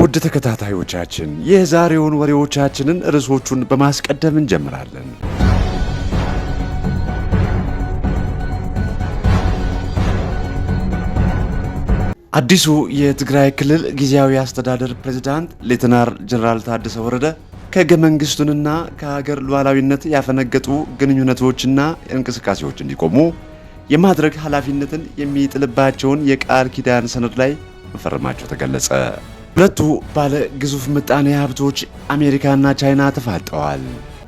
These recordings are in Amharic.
ውድ ተከታታዮቻችን የዛሬውን ወሬዎቻችንን ርዕሶቹን በማስቀደም እንጀምራለን። አዲሱ የትግራይ ክልል ጊዜያዊ አስተዳደር ፕሬዝዳንት ሌተናር ጀነራል ታደሰ ወረደ ከህገ መንግስቱንና ከሀገር ሉዓላዊነት ያፈነገጡ ግንኙነቶችና እንቅስቃሴዎች እንዲቆሙ የማድረግ ኃላፊነትን የሚጥልባቸውን የቃል ኪዳን ሰነድ ላይ መፈረማቸው ተገለጸ። ሁለቱ ባለ ግዙፍ ምጣኔ ሀብቶች አሜሪካና ቻይና ተፋጠዋል።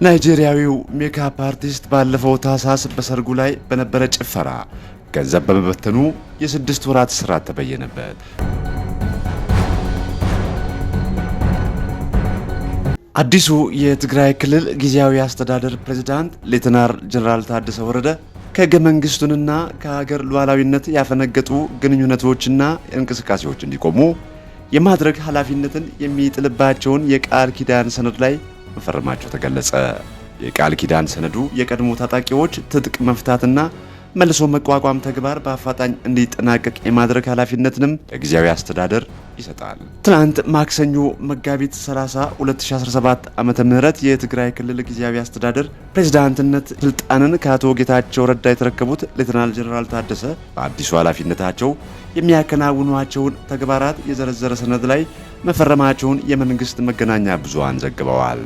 ናይጄሪያዊው ሜካፕ አርቲስት ባለፈው ታህሳስ በሰርጉ ላይ በነበረ ጭፈራ ገንዘብ በመበተኑ የስድስት ወራት እስራት ተበየነበት። አዲሱ የትግራይ ክልል ጊዜያዊ አስተዳደር ፕሬዝዳንት ሌተናር ጀነራል ታደሰ ወረደ ከህገ መንግስቱንና ከሀገር ሉዓላዊነት ያፈነገጡ ግንኙነቶችና እንቅስቃሴዎች እንዲቆሙ የማድረግ ኃላፊነትን የሚጥልባቸውን የቃል ኪዳን ሰነድ ላይ መፈረማቸው ተገለጸ። የቃል ኪዳን ሰነዱ የቀድሞ ታጣቂዎች ትጥቅ መፍታትና መልሶ መቋቋም ተግባር በአፋጣኝ እንዲጠናቀቅ የማድረግ ኃላፊነትንም ለጊዜያዊ አስተዳደር ይሰጣል። ትናንት ማክሰኞ መጋቢት 30 2017 ዓ ም የትግራይ ክልል ጊዜያዊ አስተዳደር ፕሬዝዳንትነት ስልጣንን ከአቶ ጌታቸው ረዳ የተረከቡት ሌተናል ጀኔራል ታደሰ በአዲሱ ኃላፊነታቸው የሚያከናውኗቸውን ተግባራት የዘረዘረ ሰነድ ላይ መፈረማቸውን የመንግስት መገናኛ ብዙሃን ዘግበዋል።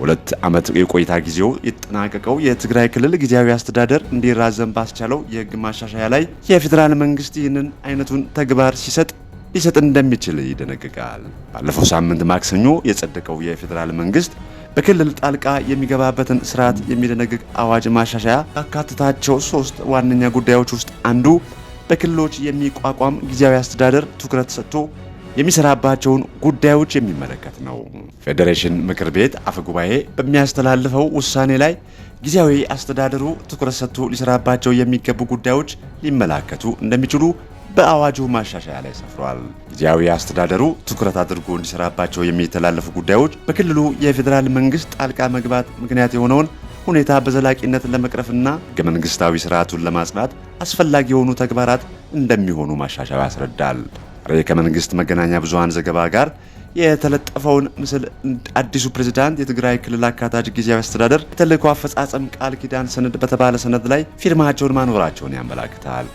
ሁለት ዓመት የቆይታ ጊዜው የተጠናቀቀው የትግራይ ክልል ጊዜያዊ አስተዳደር እንዲራዘም ባስቻለው የህግ ማሻሻያ ላይ የፌዴራል መንግስት ይህንን አይነቱን ተግባር ሲሰጥ ሊሰጥ እንደሚችል ይደነግጋል። ባለፈው ሳምንት ማክሰኞ የጸደቀው የፌዴራል መንግስት በክልል ጣልቃ የሚገባበትን ስርዓት የሚደነግግ አዋጅ ማሻሻያ ካካተታቸው ሶስት ዋነኛ ጉዳዮች ውስጥ አንዱ በክልሎች የሚቋቋም ጊዜያዊ አስተዳደር ትኩረት ሰጥቶ የሚሰራባቸውን ጉዳዮች የሚመለከት ነው። ፌዴሬሽን ምክር ቤት አፈጉባኤ በሚያስተላልፈው ውሳኔ ላይ ጊዜያዊ አስተዳደሩ ትኩረት ሰጥቶ ሊሰራባቸው የሚገቡ ጉዳዮች ሊመላከቱ እንደሚችሉ በአዋጁ ማሻሻያ ላይ ሰፍሯል። ጊዜያዊ አስተዳደሩ ትኩረት አድርጎ እንዲሰራባቸው የሚተላለፉ ጉዳዮች በክልሉ የፌዴራል መንግስት ጣልቃ መግባት ምክንያት የሆነውን ሁኔታ በዘላቂነት ለመቅረፍና ህገ መንግስታዊ ስርዓቱን ለማጽናት አስፈላጊ የሆኑ ተግባራት እንደሚሆኑ ማሻሻያ ያስረዳል። ከመንግስት መገናኛ ብዙሃን ዘገባ ጋር የተለጠፈውን ምስል አዲሱ ፕሬዝዳንት የትግራይ ክልል አካታች ጊዜያዊ አስተዳደር የተልዕኮ አፈጻጸም ቃል ኪዳን ሰነድ በተባለ ሰነድ ላይ ፊርማቸውን ማኖራቸውን ያመላክታል።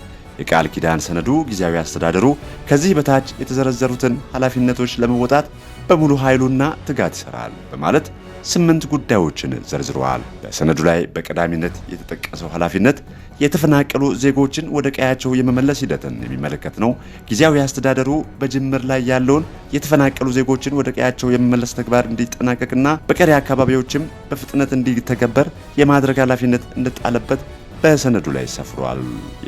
የቃል ኪዳን ሰነዱ ጊዜያዊ አስተዳደሩ ከዚህ በታች የተዘረዘሩትን ኃላፊነቶች ለመወጣት በሙሉ ኃይሉና ትጋት ይሰራል በማለት ስምንት ጉዳዮችን ዘርዝረዋል። በሰነዱ ላይ በቀዳሚነት የተጠቀሰው ኃላፊነት የተፈናቀሉ ዜጎችን ወደ ቀያቸው የመመለስ ሂደትን የሚመለከት ነው። ጊዜያዊ አስተዳደሩ በጅምር ላይ ያለውን የተፈናቀሉ ዜጎችን ወደ ቀያቸው የመመለስ ተግባር እንዲጠናቀቅና በቀሪ አካባቢዎችም በፍጥነት እንዲተገበር የማድረግ ኃላፊነት እንደጣለበት በሰነዱ ላይ ሰፍሯል።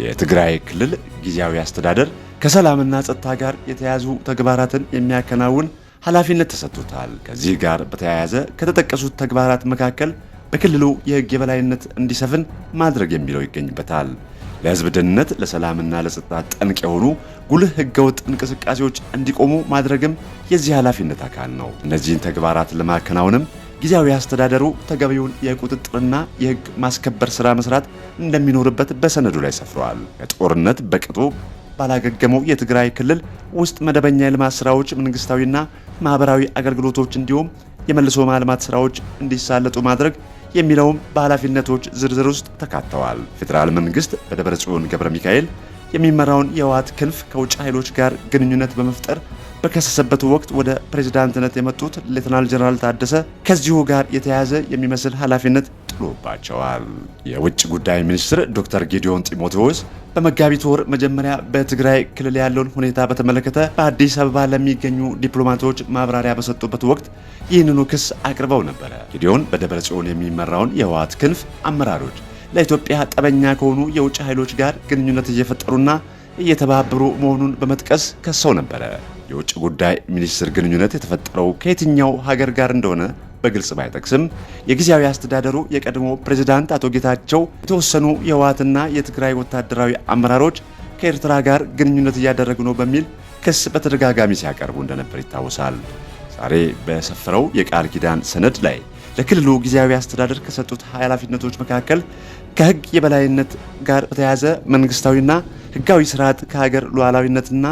የትግራይ ክልል ጊዜያዊ አስተዳደር ከሰላምና ጸጥታ ጋር የተያዙ ተግባራትን የሚያከናውን ኃላፊነት ተሰጥቶታል። ከዚህ ጋር በተያያዘ ከተጠቀሱት ተግባራት መካከል በክልሉ የህግ የበላይነት እንዲሰፍን ማድረግ የሚለው ይገኝበታል። ለህዝብ ደህንነት፣ ለሰላምና ለጸጥታ ጠንቅ የሆኑ ጉልህ ህገወጥ እንቅስቃሴዎች እንዲቆሙ ማድረግም የዚህ ኃላፊነት አካል ነው። እነዚህን ተግባራት ለማከናወንም ጊዜያዊ አስተዳደሩ ተገቢውን የቁጥጥርና የህግ ማስከበር ስራ መስራት እንደሚኖርበት በሰነዱ ላይ ሰፍረዋል። ከጦርነት በቅጡ ባላገገመው የትግራይ ክልል ውስጥ መደበኛ የልማት ስራዎች መንግስታዊና ማህበራዊ አገልግሎቶች እንዲሁም የመልሶ ማልማት ስራዎች እንዲሳለጡ ማድረግ የሚለውም በኃላፊነቶች ዝርዝር ውስጥ ተካተዋል። ፌዴራል መንግስት በደብረ ጽዮን ገብረ ሚካኤል የሚመራውን የህወሓት ክንፍ ከውጭ ኃይሎች ጋር ግንኙነት በመፍጠር በከሰሰበት ወቅት ወደ ፕሬዝዳንትነት የመጡት ሌተናል ጀነራል ታደሰ ከዚሁ ጋር የተያያዘ የሚመስል ኃላፊነት ተከፍሎባቸዋል። የውጭ ጉዳይ ሚኒስትር ዶክተር ጌዲዮን ጢሞቴዎስ በመጋቢት ወር መጀመሪያ በትግራይ ክልል ያለውን ሁኔታ በተመለከተ በአዲስ አበባ ለሚገኙ ዲፕሎማቶች ማብራሪያ በሰጡበት ወቅት ይህንኑ ክስ አቅርበው ነበረ። ጌዲዮን በደብረ ጽዮን የሚመራውን የህወሓት ክንፍ አመራሮች ለኢትዮጵያ ጠበኛ ከሆኑ የውጭ ኃይሎች ጋር ግንኙነት እየፈጠሩና እየተባበሩ መሆኑን በመጥቀስ ከሰው ነበረ። የውጭ ጉዳይ ሚኒስትር ግንኙነት የተፈጠረው ከየትኛው ሀገር ጋር እንደሆነ በግልጽ ባይጠቅስም የጊዜያዊ አስተዳደሩ የቀድሞ ፕሬዝዳንት አቶ ጌታቸው የተወሰኑ የህወሓትና የትግራይ ወታደራዊ አመራሮች ከኤርትራ ጋር ግንኙነት እያደረጉ ነው በሚል ክስ በተደጋጋሚ ሲያቀርቡ እንደነበር ይታወሳል። ዛሬ በሰፈረው የቃል ኪዳን ሰነድ ላይ ለክልሉ ጊዜያዊ አስተዳደር ከሰጡት ኃላፊነቶች መካከል ከህግ የበላይነት ጋር በተያያዘ መንግስታዊና ህጋዊ ስርዓት ከሀገር ሉዓላዊነትና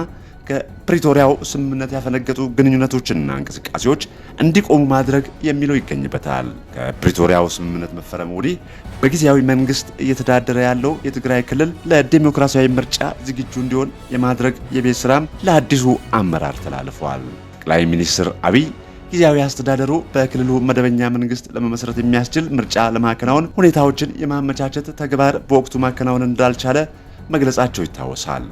ከፕሪቶሪያው ስምምነት ያፈነገጡ ግንኙነቶችና እንቅስቃሴዎች እንዲቆሙ ማድረግ የሚለው ይገኝበታል። ከፕሪቶሪያው ስምምነት መፈረም ወዲህ በጊዜያዊ መንግስት እየተዳደረ ያለው የትግራይ ክልል ለዲሞክራሲያዊ ምርጫ ዝግጁ እንዲሆን የማድረግ የቤት ስራም ለአዲሱ አመራር ተላልፏል። ጠቅላይ ሚኒስትር አብይ ጊዜያዊ አስተዳደሩ በክልሉ መደበኛ መንግስት ለመመስረት የሚያስችል ምርጫ ለማከናወን ሁኔታዎችን የማመቻቸት ተግባር በወቅቱ ማከናወን እንዳልቻለ መግለጻቸው ይታወሳል።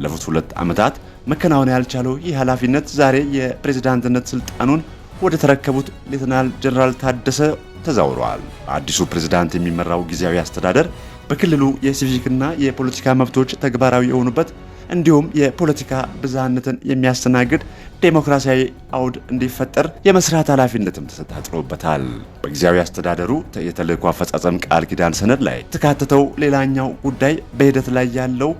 ላለፉት ሁለት ዓመታት መከናወን ያልቻለው ይህ ኃላፊነት ዛሬ የፕሬዝዳንትነት ስልጣኑን ወደ ተረከቡት ሌተናል ጀነራል ታደሰ ተዛውረዋል። አዲሱ ፕሬዝዳንት የሚመራው ጊዜያዊ አስተዳደር በክልሉ የሲቪክና የፖለቲካ መብቶች ተግባራዊ የሆኑበት እንዲሁም የፖለቲካ ብዝሃነትን የሚያስተናግድ ዴሞክራሲያዊ አውድ እንዲፈጠር የመስራት ኃላፊነትም ተሰጣጥሮበታል። በጊዜያዊ አስተዳደሩ የተልእኮ አፈጻጸም ቃል ኪዳን ሰነድ ላይ የተካተተው ሌላኛው ጉዳይ በሂደት ላይ ያለው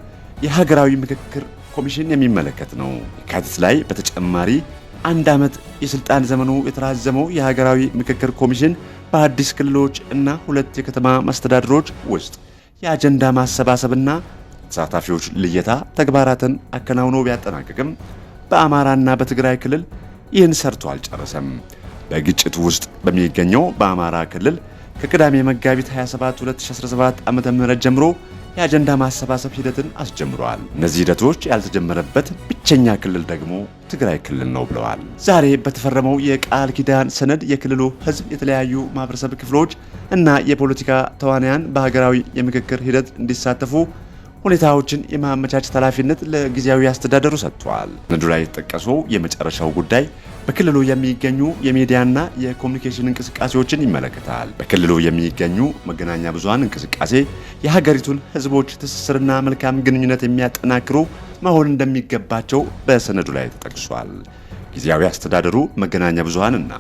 የሀገራዊ ምክክር ኮሚሽን የሚመለከት ነው። የካቲት ላይ በተጨማሪ አንድ ዓመት የስልጣን ዘመኑ የተራዘመው የሀገራዊ ምክክር ኮሚሽን በአዲስ ክልሎች እና ሁለት የከተማ መስተዳድሮች ውስጥ የአጀንዳ ማሰባሰብና ተሳታፊዎች ልየታ ተግባራትን አከናውኖ ቢያጠናቅቅም በአማራና በትግራይ ክልል ይህን ሰርቶ አልጨረሰም። በግጭት ውስጥ በሚገኘው በአማራ ክልል ከቅዳሜ መጋቢት 27 2017 ዓ.ም ጀምሮ የአጀንዳ ማሰባሰብ ሂደትን አስጀምረዋል። እነዚህ ሂደቶች ያልተጀመረበት ብቸኛ ክልል ደግሞ ትግራይ ክልል ነው ብለዋል። ዛሬ በተፈረመው የቃል ኪዳን ሰነድ የክልሉ ሕዝብ የተለያዩ ማህበረሰብ ክፍሎች እና የፖለቲካ ተዋንያን በሀገራዊ የምክክር ሂደት እንዲሳተፉ ሁኔታዎችን የማመቻቸት ኃላፊነት ለጊዜያዊ አስተዳደሩ ሰጥቷል። ሰነዱ ላይ የተጠቀሰው የመጨረሻው ጉዳይ በክልሉ የሚገኙ የሚዲያና የኮሚኒኬሽን እንቅስቃሴዎችን ይመለከታል። በክልሉ የሚገኙ መገናኛ ብዙሃን እንቅስቃሴ የሀገሪቱን ሕዝቦች ትስስርና መልካም ግንኙነት የሚያጠናክሩ መሆን እንደሚገባቸው በሰነዱ ላይ ተጠቅሷል። ጊዜያዊ አስተዳደሩ መገናኛ ብዙሃንና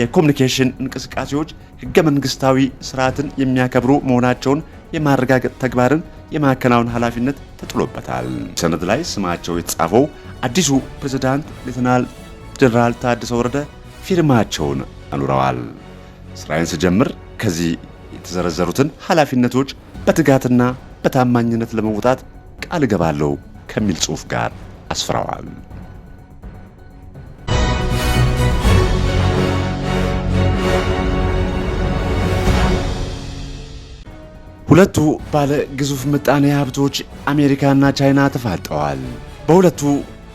የኮሚኒኬሽን እንቅስቃሴዎች ህገ መንግስታዊ ስርዓትን የሚያከብሩ መሆናቸውን የማረጋገጥ ተግባርን የማከናወን ኃላፊነት ተጥሎበታል። ሰነድ ላይ ስማቸው የተጻፈው አዲሱ ፕሬዝዳንት ሌተናል ጀነራል ታደሰ ወረደ ፊርማቸውን አኑረዋል። ስራዬን ስጀምር ከዚህ የተዘረዘሩትን ኃላፊነቶች በትጋትና በታማኝነት ለመወጣት ቃል እገባለሁ ከሚል ጽሑፍ ጋር አስፍረዋል። ሁለቱ ባለ ግዙፍ ምጣኔ ሀብቶች አሜሪካና ቻይና ተፋጠዋል። በሁለቱ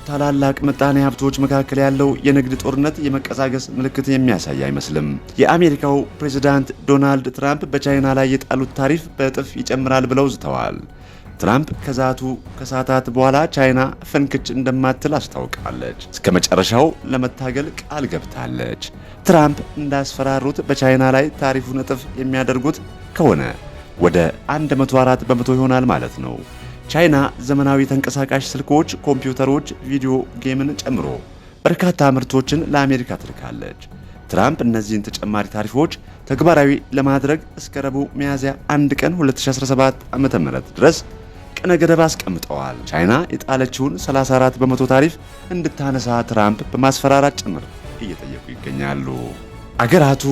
ታላላቅ ምጣኔ ሀብቶች መካከል ያለው የንግድ ጦርነት የመቀዛገስ ምልክት የሚያሳይ አይመስልም። የአሜሪካው ፕሬዚዳንት ዶናልድ ትራምፕ በቻይና ላይ የጣሉት ታሪፍ በእጥፍ ይጨምራል ብለው ዝተዋል። ትራምፕ ከዛቱ ከሰዓታት በኋላ ቻይና ፍንክች እንደማትል አስታውቃለች። እስከ መጨረሻው ለመታገል ቃል ገብታለች። ትራምፕ እንዳስፈራሩት በቻይና ላይ ታሪፉን እጥፍ የሚያደርጉት ከሆነ ወደ 104 በመቶ ይሆናል ማለት ነው። ቻይና ዘመናዊ ተንቀሳቃሽ ስልኮች፣ ኮምፒውተሮች፣ ቪዲዮ ጌምን ጨምሮ በርካታ ምርቶችን ለአሜሪካ ትልካለች። ትራምፕ እነዚህን ተጨማሪ ታሪፎች ተግባራዊ ለማድረግ እስከ ረቡዕ ሚያዝያ 1 ቀን 2017 ዓ.ም ድረስ ቀነ ገደብ አስቀምጠዋል። ቻይና የጣለችውን 34 በመቶ ታሪፍ እንድታነሳ ትራምፕ በማስፈራራት ጭምር እየጠየቁ ይገኛሉ። አገራቱ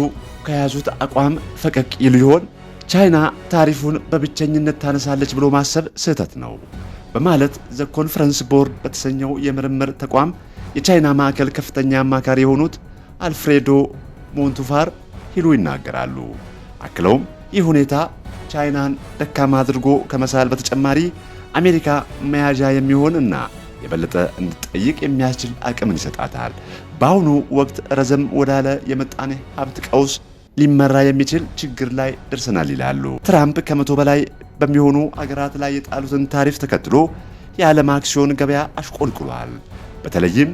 ከያዙት አቋም ፈቀቅ ይሉ ይሆን? ቻይና ታሪፉን በብቸኝነት ታነሳለች ብሎ ማሰብ ስህተት ነው በማለት ዘ ኮንፈረንስ ቦርድ በተሰኘው የምርምር ተቋም የቻይና ማዕከል ከፍተኛ አማካሪ የሆኑት አልፍሬዶ ሞንቱፋር ሂሉ ይናገራሉ። አክለውም ይህ ሁኔታ ቻይናን ደካማ አድርጎ ከመሳል በተጨማሪ አሜሪካ መያዣ የሚሆን እና የበለጠ እንድትጠይቅ የሚያስችል አቅምን ይሰጣታል። በአሁኑ ወቅት ረዘም ወዳለ የምጣኔ ሀብት ቀውስ ሊመራ የሚችል ችግር ላይ ደርሰናል ይላሉ። ትራምፕ ከመቶ በላይ በሚሆኑ አገራት ላይ የጣሉትን ታሪፍ ተከትሎ የዓለም አክሲዮን ገበያ አሽቆልቁሏል። በተለይም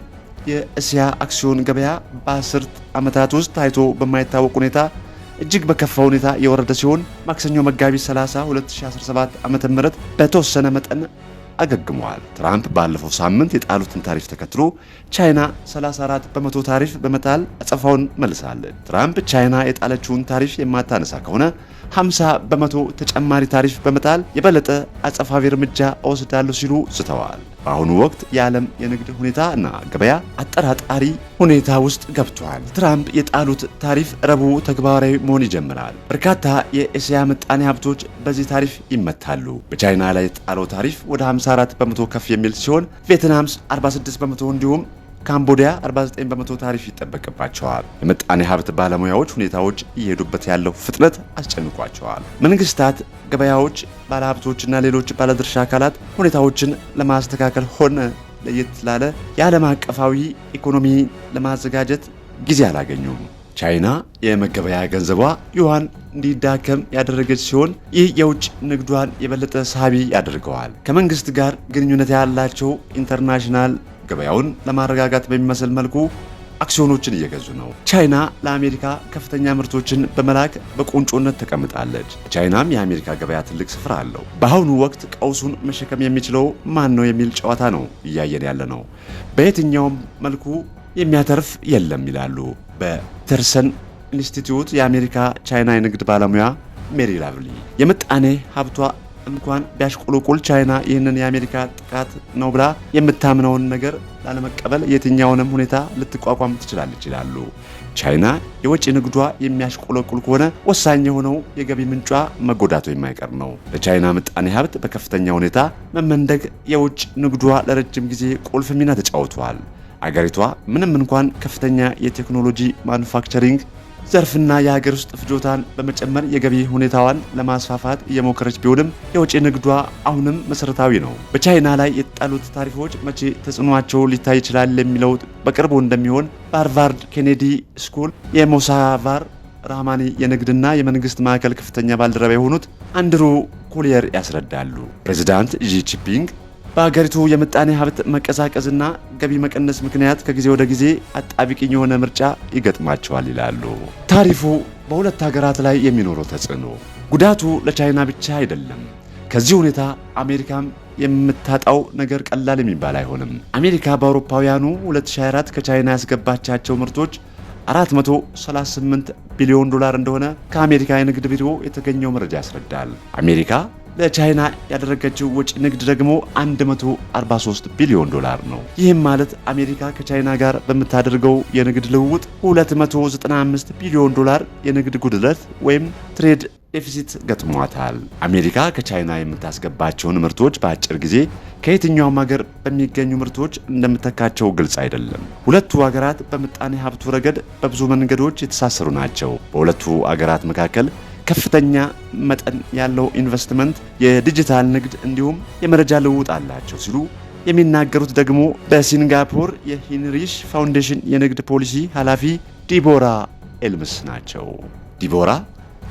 የእስያ አክሲዮን ገበያ በአስርት ዓመታት ውስጥ ታይቶ በማይታወቅ ሁኔታ እጅግ በከፋ ሁኔታ የወረደ ሲሆን ማክሰኞ መጋቢት 30 2017 ዓ. ም በተወሰነ መጠን አገግመዋል። ትራምፕ ባለፈው ሳምንት የጣሉትን ታሪፍ ተከትሎ ቻይና 34 በመቶ ታሪፍ በመጣል አጸፋውን መልሳለች። ትራምፕ ቻይና የጣለችውን ታሪፍ የማታነሳ ከሆነ 50 በመቶ ተጨማሪ ታሪፍ በመጣል የበለጠ አጸፋዊ እርምጃ እወስዳለሁ ሲሉ ዝተዋል። በአሁኑ ወቅት የዓለም የንግድ ሁኔታ እና ገበያ አጠራጣሪ ሁኔታ ውስጥ ገብቷል። ትራምፕ የጣሉት ታሪፍ ረቡዕ ተግባራዊ መሆን ይጀምራል። በርካታ የእስያ ምጣኔ ሀብቶች በዚህ ታሪፍ ይመታሉ። በቻይና ላይ የጣለው ታሪፍ ወደ 54 በመቶ ከፍ የሚል ሲሆን ቪየትናምስ 46 በመቶ እንዲሁም ካምቦዲያ 49 በመቶ ታሪፍ ይጠበቅባቸዋል። የምጣኔ ሀብት ባለሙያዎች ሁኔታዎች እየሄዱበት ያለው ፍጥነት አስጨንቋቸዋል። መንግስታት፣ ገበያዎች፣ ባለሀብቶችና ሌሎች ባለድርሻ አካላት ሁኔታዎችን ለማስተካከል ሆነ ለየት ላለ የዓለም አቀፋዊ ኢኮኖሚ ለማዘጋጀት ጊዜ አላገኙም። ቻይና የመገበያ ገንዘቧ ዩዋን እንዲዳከም ያደረገች ሲሆን ይህ የውጭ ንግዷን የበለጠ ሳቢ ያደርገዋል። ከመንግስት ጋር ግንኙነት ያላቸው ኢንተርናሽናል ገበያውን ለማረጋጋት በሚመስል መልኩ አክሲዮኖችን እየገዙ ነው። ቻይና ለአሜሪካ ከፍተኛ ምርቶችን በመላክ በቁንጮነት ተቀምጣለች። ቻይናም የአሜሪካ ገበያ ትልቅ ስፍራ አለው። በአሁኑ ወቅት ቀውሱን መሸከም የሚችለው ማን ነው የሚል ጨዋታ ነው እያየን ያለ ነው። በየትኛውም መልኩ የሚያተርፍ የለም ይላሉ በተርሰን ኢንስቲትዩት የአሜሪካ ቻይና የንግድ ባለሙያ ሜሪ ላቭሊ። የምጣኔ ሀብቷ እንኳን ቢያሽቆለቁል ቻይና ይህንን የአሜሪካ ጥቃት ነው ብላ የምታምነውን ነገር ላለመቀበል የትኛውንም ሁኔታ ልትቋቋም ትችላለች ይላሉ። ቻይና የወጪ ንግዷ የሚያሽቆለቁል ከሆነ ወሳኝ የሆነው የገቢ ምንጯ መጎዳቱ የማይቀር ነው። ለቻይና ምጣኔ ሀብት በከፍተኛ ሁኔታ መመንደግ የውጭ ንግዷ ለረጅም ጊዜ ቁልፍ ሚና ተጫውቷል። አገሪቷ ምንም እንኳን ከፍተኛ የቴክኖሎጂ ማኑፋክቸሪንግ ዘርፍና የሀገር ውስጥ ፍጆታን በመጨመር የገቢ ሁኔታዋን ለማስፋፋት እየሞከረች ቢሆንም የውጭ ንግዷ አሁንም መሰረታዊ ነው። በቻይና ላይ የተጣሉት ታሪፎች መቼ ተጽዕኗቸው ሊታይ ይችላል የሚለው በቅርቡ እንደሚሆን በሃርቫርድ ኬኔዲ ስኩል የሞሳቫር ራህማኒ የንግድና የመንግስት ማዕከል ከፍተኛ ባልደረባ የሆኑት አንድሩ ኮሊየር ያስረዳሉ። ፕሬዚዳንት ዢ ጂንፒንግ በሀገሪቱ የምጣኔ ሀብት መቀዛቀዝና ገቢ መቀነስ ምክንያት ከጊዜ ወደ ጊዜ አጣቢቅኝ የሆነ ምርጫ ይገጥማቸዋል ይላሉ። ታሪፉ በሁለት ሀገራት ላይ የሚኖረው ተጽዕኖ ጉዳቱ ለቻይና ብቻ አይደለም። ከዚህ ሁኔታ አሜሪካም የምታጣው ነገር ቀላል የሚባል አይሆንም። አሜሪካ በአውሮፓውያኑ 2024 ከቻይና ያስገባቻቸው ምርቶች 438 ቢሊዮን ዶላር እንደሆነ ከአሜሪካ የንግድ ቢሮ የተገኘው መረጃ ያስረዳል። አሜሪካ ለቻይና ያደረገችው ውጭ ንግድ ደግሞ 143 ቢሊዮን ዶላር ነው። ይህም ማለት አሜሪካ ከቻይና ጋር በምታደርገው የንግድ ልውውጥ 295 ቢሊዮን ዶላር የንግድ ጉድለት ወይም ትሬድ ዴፊሲት ገጥሟታል። አሜሪካ ከቻይና የምታስገባቸውን ምርቶች በአጭር ጊዜ ከየትኛውም ሀገር በሚገኙ ምርቶች እንደምተካቸው ግልጽ አይደለም። ሁለቱ ሀገራት በምጣኔ ሀብቱ ረገድ በብዙ መንገዶች የተሳሰሩ ናቸው። በሁለቱ ሀገራት መካከል ከፍተኛ መጠን ያለው ኢንቨስትመንት፣ የዲጂታል ንግድ እንዲሁም የመረጃ ልውውጥ አላቸው ሲሉ የሚናገሩት ደግሞ በሲንጋፖር የሂንሪሽ ፋውንዴሽን የንግድ ፖሊሲ ኃላፊ ዲቦራ ኤልምስ ናቸው። ዲቦራ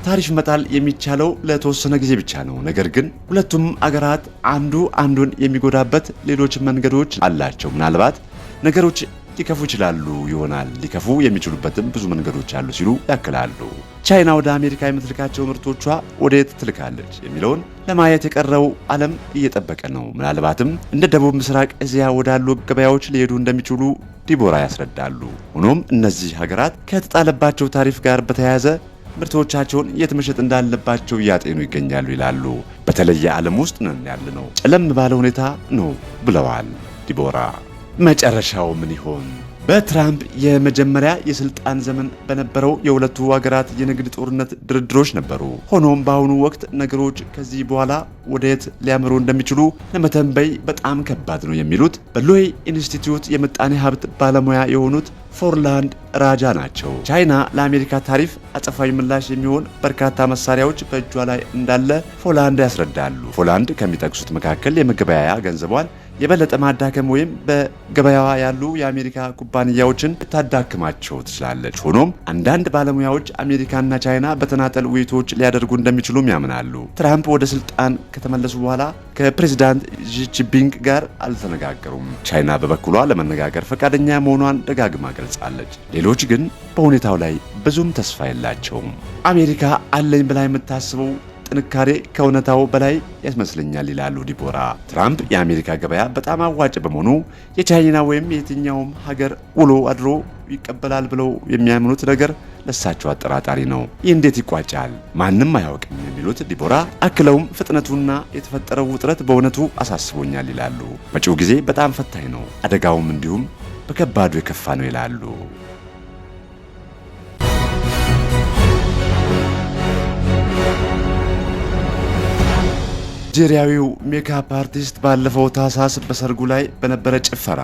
ታሪፍ መጣል የሚቻለው ለተወሰነ ጊዜ ብቻ ነው፣ ነገር ግን ሁለቱም አገራት አንዱ አንዱን የሚጎዳበት ሌሎች መንገዶች አላቸው። ምናልባት ነገሮች ሊከፉ ይችላሉ ይሆናል ሊከፉ የሚችሉበትም ብዙ መንገዶች አሉ ሲሉ ያክላሉ። ቻይና ወደ አሜሪካ የምትልካቸው ምርቶቿ የት ትልካለች የሚለውን ለማየት የቀረው ዓለም እየጠበቀ ነው። ምናልባትም እንደ ደቡብ ምስራቅ እዚያ ወዳሉ ገበያዎች ሊሄዱ እንደሚችሉ ዲቦራ ያስረዳሉ። ሆኖም እነዚህ ሀገራት ከተጣለባቸው ታሪፍ ጋር በተያያዘ ምርቶቻቸውን የት መሸጥ እንዳለባቸው እያጤኑ ይገኛሉ ይላሉ። በተለየ ዓለም ውስጥ ነን ነው፣ ጨለም ባለ ሁኔታ ነው ብለዋል ዲቦራ። መጨረሻው ምን ይሆን? በትራምፕ የመጀመሪያ የስልጣን ዘመን በነበረው የሁለቱ ሀገራት የንግድ ጦርነት ድርድሮች ነበሩ። ሆኖም በአሁኑ ወቅት ነገሮች ከዚህ በኋላ ወደየት ሊያምሩ እንደሚችሉ ለመተንበይ በጣም ከባድ ነው የሚሉት በሎይ ኢንስቲትዩት የምጣኔ ሀብት ባለሙያ የሆኑት ፎርላንድ ራጃ ናቸው። ቻይና ለአሜሪካ ታሪፍ አጸፋዊ ምላሽ የሚሆን በርካታ መሳሪያዎች በእጇ ላይ እንዳለ ፎላንድ ያስረዳሉ። ፎላንድ ከሚጠቅሱት መካከል የመገበያያ ገንዘቧን የበለጠ ማዳከም ወይም በገበያዋ ያሉ የአሜሪካ ኩባንያዎችን ልታዳክማቸው ትችላለች። ሆኖም አንዳንድ ባለሙያዎች አሜሪካና ቻይና በተናጠል ውይይቶች ሊያደርጉ እንደሚችሉም ያምናሉ። ትራምፕ ወደ ስልጣን ከተመለሱ በኋላ ከፕሬዚዳንት ጂጂፒንግ ጋር አልተነጋገሩም። ቻይና በበኩሏ ለመነጋገር ፈቃደኛ መሆኗን ደጋግማ ገልጻለች። ሌሎች ግን በሁኔታው ላይ ብዙም ተስፋ የላቸውም። አሜሪካ አለኝ ብላ የምታስበው ጥንካሬ ከእውነታው በላይ ያስመስለኛል ይላሉ ዲቦራ። ትራምፕ የአሜሪካ ገበያ በጣም አዋጭ በመሆኑ የቻይና ወይም የትኛውም ሀገር ውሎ አድሮ ይቀበላል ብለው የሚያምኑት ነገር ለሳቸው አጠራጣሪ ነው። ይህ እንዴት ይቋጫል? ማንም አያውቅም የሚሉት ዲቦራ አክለውም ፍጥነቱና የተፈጠረው ውጥረት በእውነቱ አሳስቦኛል ይላሉ። መጪው ጊዜ በጣም ፈታኝ ነው፣ አደጋውም እንዲሁም በከባዱ የከፋ ነው ይላሉ። ናይጄሪያዊው ሜካፕ አርቲስት ባለፈው ታህሳስ በሰርጉ ላይ በነበረ ጭፈራ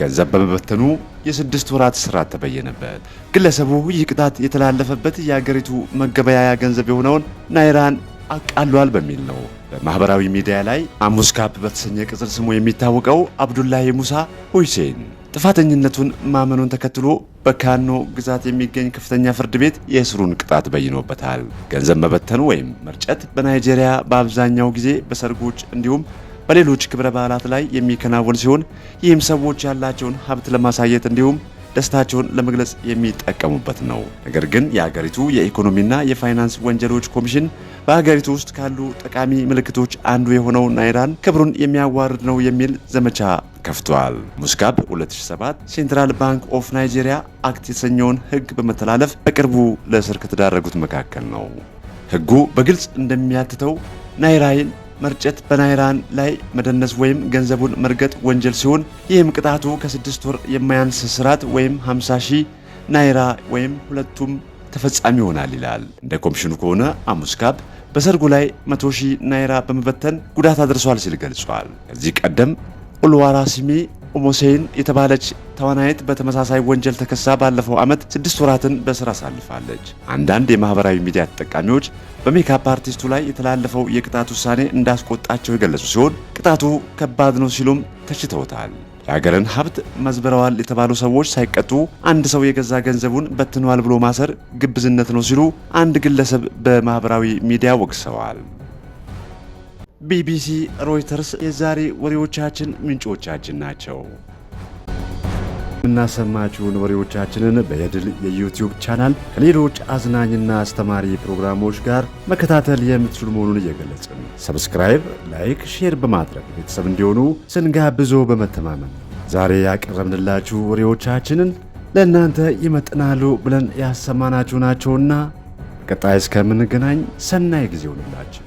ገንዘብ በመበተኑ የስድስት ወራት እስራት ተበየነበት። ግለሰቡ ይህ ቅጣት የተላለፈበት የአገሪቱ መገበያያ ገንዘብ የሆነውን ናይራን አቃሏል በሚል ነው። በማኅበራዊ ሚዲያ ላይ አሙስካፕ በተሰኘ ቅጽል ስሙ የሚታወቀው አብዱላሂ ሙሳ ሁሴን ጥፋተኝነቱን ማመኑን ተከትሎ በካኖ ግዛት የሚገኝ ከፍተኛ ፍርድ ቤት የእስሩን ቅጣት በይኖበታል። ገንዘብ መበተን ወይም መርጨት በናይጄሪያ በአብዛኛው ጊዜ በሰርጎች እንዲሁም በሌሎች ክብረ በዓላት ላይ የሚከናወን ሲሆን ይህም ሰዎች ያላቸውን ሀብት ለማሳየት እንዲሁም ደስታቸውን ለመግለጽ የሚጠቀሙበት ነው። ነገር ግን የአገሪቱ የኢኮኖሚና የፋይናንስ ወንጀሎች ኮሚሽን በአገሪቱ ውስጥ ካሉ ጠቃሚ ምልክቶች አንዱ የሆነው ናይራን ክብሩን የሚያዋርድ ነው የሚል ዘመቻ ከፍቷል። ሙስጋብ 2007 ሴንትራል ባንክ ኦፍ ናይጄሪያ አክት የተሰኘውን ህግ በመተላለፍ በቅርቡ ለእስር ከተዳረጉት መካከል ነው። ህጉ በግልጽ እንደሚያትተው ናይራይን መርጨት በናይራን ላይ መደነስ ወይም ገንዘቡን መርገጥ ወንጀል ሲሆን ይህም ቅጣቱ ከስድስት ወር የማያንስ እስራት ወይም 50 ሺህ ናይራ ወይም ሁለቱም ተፈጻሚ ይሆናል ይላል። እንደ ኮሚሽኑ ከሆነ አሙስካብ በሰርጉ ላይ 100 ሺህ ናይራ በመበተን ጉዳት አድርሷል ሲል ገልጿል። ከዚህ ቀደም ኡልዋራ ሲሚ ኦሞሴይን የተባለች ተዋናይት በተመሳሳይ ወንጀል ተከሳ ባለፈው ዓመት ስድስት ወራትን በእስር አሳልፋለች። አንዳንድ የማህበራዊ ሚዲያ ተጠቃሚዎች በሜካፕ አርቲስቱ ላይ የተላለፈው የቅጣት ውሳኔ እንዳስቆጣቸው የገለጹ ሲሆን ቅጣቱ ከባድ ነው ሲሉም ተችተውታል። የሀገርን ሀብት መዝብረዋል የተባሉ ሰዎች ሳይቀጡ አንድ ሰው የገዛ ገንዘቡን በትኗል ብሎ ማሰር ግብዝነት ነው ሲሉ አንድ ግለሰብ በማህበራዊ ሚዲያ ወቅሰዋል። ቢቢሲ፣ ሮይተርስ የዛሬ ወሬዎቻችን ምንጮቻችን ናቸው። የምናሰማችሁን ወሬዎቻችንን በየድል የዩቲዩብ ቻናል ከሌሎች አዝናኝና አስተማሪ ፕሮግራሞች ጋር መከታተል የምትችሉ መሆኑን እየገለጽን ሰብስክራይብ፣ ላይክ፣ ሼር በማድረግ ቤተሰብ እንዲሆኑ ስንጋብዞ በመተማመን ዛሬ ያቀረብንላችሁ ወሬዎቻችንን ለእናንተ ይመጥናሉ ብለን ያሰማናችሁ ናቸውና ቀጣይ እስከምንገናኝ ሰናይ ጊዜ ይሁንላችሁ።